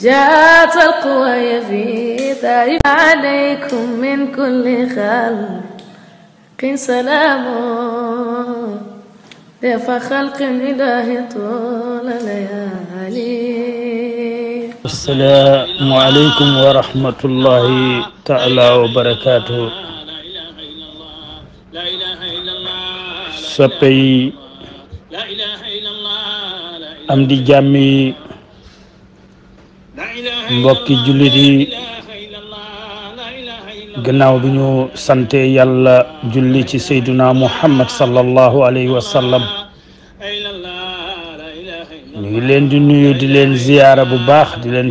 جاءت القوى في عليكم من كل خلق سلام ضيف خلق إله طول ليالي السلام عليكم ورحمة الله تعالى وبركاته soppe yi am di jàmm yi mbokki jullit yi gannaaw bi ñu sante yàlla julli ci sayduna muhammad sallallahu alayhi wa sallam ngi leen di nuyu di leen ziyaara bu baax di leen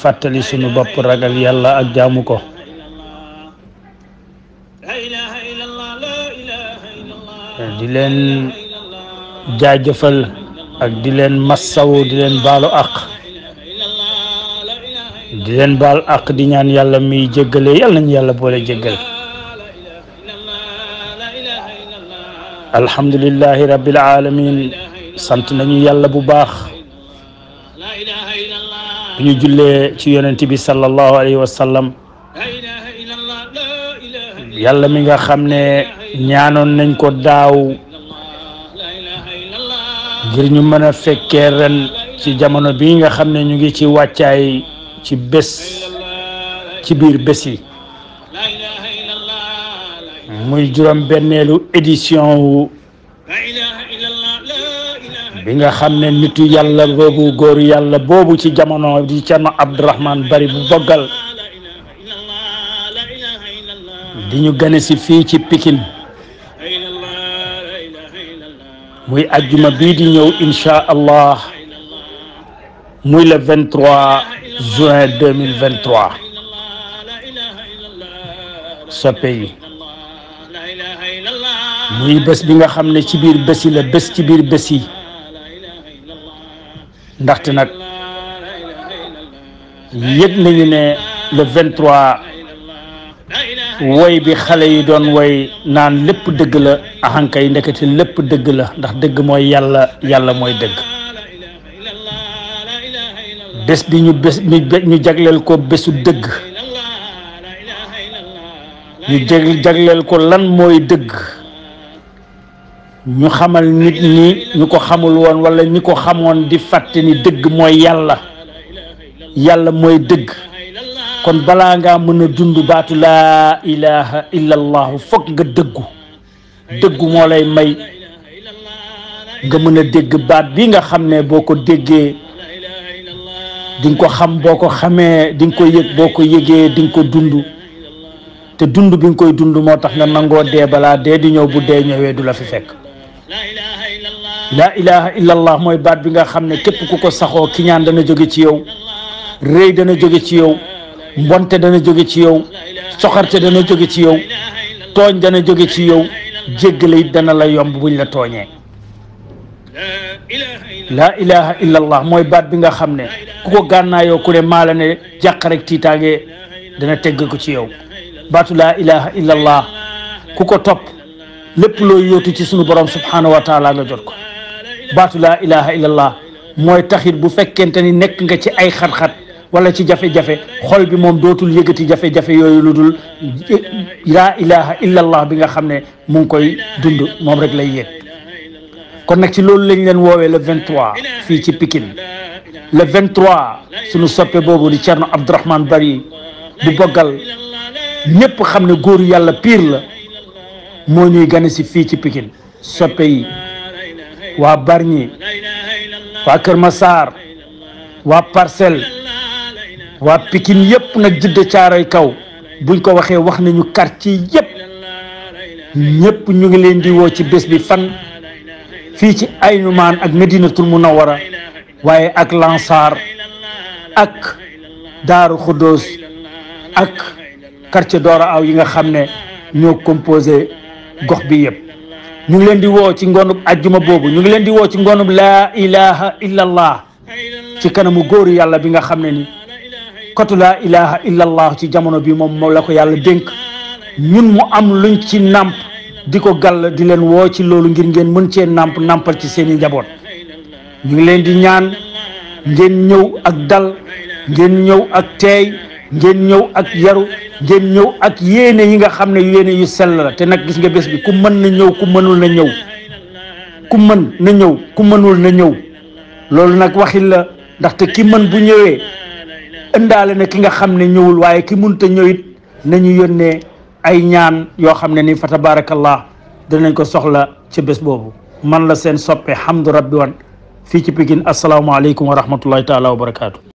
fàttali sunu bopp ragal yàlla ak jaamu ko di leen jaajëfal ak di leen massawu di leen baalo àq di leen baal ak di ñaan yàlla mi jéggale yàlla nañu yàlla boole jéggal alhamdulillahi rabbil alamin sant nañu yàlla bu baax bu ñu jullee ci yonent bi sallallahu alayhi wa sallam yàlla mi nga xam ne ñaanoon nañ ko daaw ngir ñu mën a ci jamono bi nga xam ne ñu ngi ci wàccaay ci bés ci biir bés yi muy juróom benneelu édition wu bi nga xam ne nitu yàlla boobu góoru yàlla boobu ci jamono di Cerno Abdourahmane Bari bu boggal di ñu gane si fii ci pikin muy ajjuma bi di ñëw incha allah muy le 23 juin 2023 soppe yi muy bés bi nga xam ne ci biir bés yi la bés ci biir bés yi ndaxte nag yëg nañu ne le 23 woy bi xale yi doon woy naan lépp dëgg la ahankay ndekete lépp dëgg la ndax dëgg mooy yàlla yàlla mooy dëgg bés bi ñu bés ñu jagleel ko bésu dëgg ñu jagleel ko lan mooy dëgg ñu xamal nit ñi ñu ko xamul woon walla ñi ko xamoon di fàtte ni dëgg mooy yàlla yàlla mooy dëgg kon balaa ngaa mën a dund baatu laa ilaha illa allahu nga dëggu dëggu moo lay may nga mën a dégg baat bi nga xam ne boo ko déggee dinga ko xam boo ko xamee di nga ko yëg boo ko yëgee di nga ko dund te dund bi nga koy dund moo tax nga nangoo dee balaa dee di ñëw bu dee ñëwee du la fi fekk laa ilaha illallah mooy baat bi nga xam ne képp ku ko saxoo kiñaan dana jóge ci yow réy dana jóge ci yow mbonte dana jóge ci yow soxarte dana jóge ci yow tooñ dana jóge ci yow jéggale it dana la yomb bu ñu la tooñee laa ilaha illa allah mooy baat bi nga xam ne ku ko gànnaayoo ku ne maa la ne jàq rek tiitaange dana tegg ko ci yow baatu la ilaha illa allah ku ko topp lépp loo yóotu ci sunu borom subhanahu wa taala nga jot ko baatu laa ilaha illa mooy taxit bu fekkente ni nekk nga ci ay xat-xat wala ci jafe-jafe xol bi moom dootul yëgati jafe-jafe yooyu lu dul laa ilaha illa bi nga xam ne mu ngi koy dund moom rek lay yëg kon nag ci loolu lañ leen woowee le 23 fii ci Pikine le 23 suñu soppee boobu di Thierno Abdourahmane Bari bu boggal ñépp xam ne góor yàlla piir la moo ñuy gane si fii ci pikin soppe yi waa Bargny waa Kër Massar waa Parcelles waa Pikine yëpp nag jidde caaroy kaw buñ ko waxee wax nañu quartier yëpp ñëpp ñu ngi leen di woo ci bés bi fan fii ci aynu maan ak medinatul munawara waaye ak lansaar ak daaru xuddoos ak quartier doora aw yi nga xam ne ñoo composé gox bi yëpp ñu ngi leen di woo ci ngoonub ajjuma boobu ñu ngi leen di woo ci ngoonub laa ilaha illa allah ci kanamu góoru yàlla bi nga xam ne ni kotu laa ilaha illa allah ci jamono bi moom moo la ko yàlla dénk ñun mu am luñ ci nàmp di ko gàll di leen woo ci loolu ngir ngeen mën cee nàmp nàmpal ci seeni njaboot ñu ngi leen di ñaan ngeen ñëw ak dal ngeen ñëw ak teey ngeen ñëw ak yaru ngeen ñëw ak yéene yi nga xam ne yéene yu sell la te nag gis nga bés bi ku mën na ñëw ku mënul na ñëw ku mën na ñëw ku mënul na ñëw loolu nag waxin la ndaxte ki mën bu ñëwee ëndaale na ki nga xam ne ñëwul waaye ki mënut ñëwit ñëw it nañu yónnee ay ñaan yoo xam ne ni fa tabarakallah dinañ ko soxla ci bés boobu man la seen soppe Hamdou Rabby Wane fii ci Pikine asalaamaaleykum wa rahmatullahi taala wa barakaatu